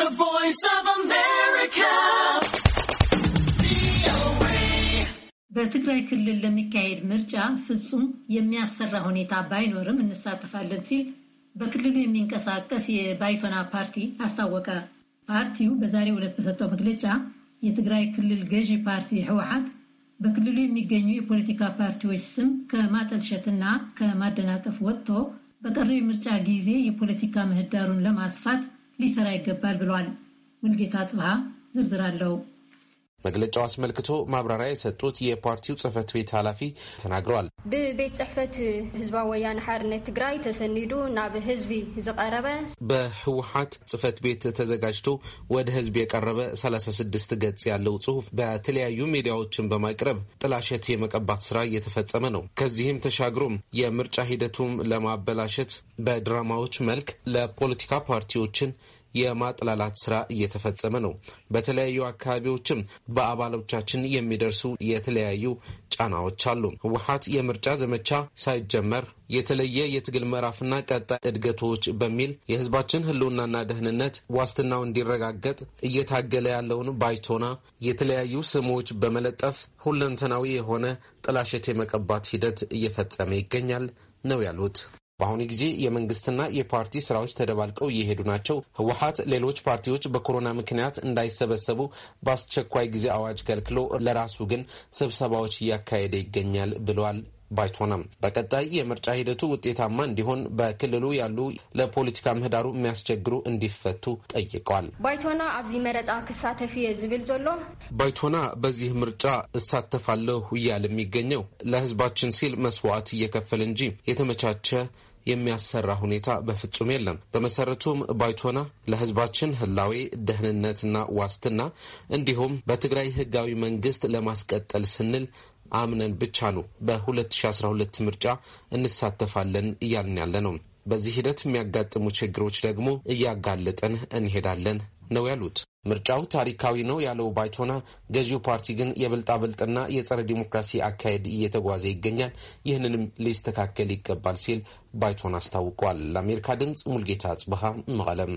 The Voice of America. በትግራይ ክልል ለሚካሄድ ምርጫ ፍጹም የሚያሰራ ሁኔታ ባይኖርም እንሳተፋለን ሲል በክልሉ የሚንቀሳቀስ የባይቶና ፓርቲ አስታወቀ። ፓርቲው በዛሬው ዕለት በሰጠው መግለጫ የትግራይ ክልል ገዢ ፓርቲ ህወሓት በክልሉ የሚገኙ የፖለቲካ ፓርቲዎች ስም ከማጠልሸትና ከማደናቀፍ ወጥቶ በቀረው የምርጫ ጊዜ የፖለቲካ ምህዳሩን ለማስፋት ሊሰራ ይገባል ብሏል። ሙልጌታ ጽብሃ ዝርዝር አለው። መግለጫው አስመልክቶ ማብራሪያ የሰጡት የፓርቲው ጽህፈት ቤት ኃላፊ ተናግረዋል። ብቤት ጽሕፈት ህዝባዊ ወያነ ሓርነት ትግራይ ተሰኒዱ ናብ ህዝቢ ዝቀረበ በህወሓት ጽህፈት ቤት ተዘጋጅቶ ወደ ህዝብ የቀረበ 36 ገጽ ያለው ጽሁፍ በተለያዩ ሚዲያዎችን በማቅረብ ጥላሸት የመቀባት ስራ እየተፈጸመ ነው። ከዚህም ተሻግሮም የምርጫ ሂደቱም ለማበላሸት በድራማዎች መልክ ለፖለቲካ ፓርቲዎችን የማጥላላት ስራ እየተፈጸመ ነው። በተለያዩ አካባቢዎችም በአባሎቻችን የሚደርሱ የተለያዩ ጫናዎች አሉ። ህወሀት የምርጫ ዘመቻ ሳይጀመር የተለየ የትግል ምዕራፍና ቀጣይ እድገቶች በሚል የህዝባችን ህልውናና ደህንነት ዋስትናው እንዲረጋገጥ እየታገለ ያለውን ባይቶና የተለያዩ ስሞች በመለጠፍ ሁለንተናዊ የሆነ ጥላሸት የመቀባት ሂደት እየፈጸመ ይገኛል ነው ያሉት። በአሁኑ ጊዜ የመንግስትና የፓርቲ ስራዎች ተደባልቀው እየሄዱ ናቸው። ህወሀት ሌሎች ፓርቲዎች በኮሮና ምክንያት እንዳይሰበሰቡ በአስቸኳይ ጊዜ አዋጅ ከልክሎ ለራሱ ግን ስብሰባዎች እያካሄደ ይገኛል ብለዋል ባይቶናም በቀጣይ የምርጫ ሂደቱ ውጤታማ እንዲሆን በክልሉ ያሉ ለፖለቲካ ምህዳሩ የሚያስቸግሩ እንዲፈቱ ጠይቀዋል። ባይቶና አብዚ መረጫ ክሳተፍ እየ ዝብል ዘሎ ባይቶና በዚህ ምርጫ እሳተፋለሁ እያል የሚገኘው ለህዝባችን ሲል መስዋዕት እየከፈለ እንጂ የተመቻቸ የሚያሰራ ሁኔታ በፍጹም የለም። በመሰረቱም ባይቶና ለህዝባችን ህላዌ ደህንነትና ዋስትና እንዲሁም በትግራይ ህጋዊ መንግስት ለማስቀጠል ስንል አምነን ብቻ ነው በ2012 ምርጫ እንሳተፋለን እያልን ያለ ነው። በዚህ ሂደት የሚያጋጥሙ ችግሮች ደግሞ እያጋለጠን እንሄዳለን ነው ያሉት። ምርጫው ታሪካዊ ነው ያለው ባይቶና፣ ገዢው ፓርቲ ግን የብልጣብልጥና የጸረ ዲሞክራሲ አካሄድ እየተጓዘ ይገኛል፣ ይህንንም ሊስተካከል ይገባል ሲል ባይቶና አስታውቋል። ለአሜሪካ ድምፅ ሙልጌታ አጽብሃ መቀለም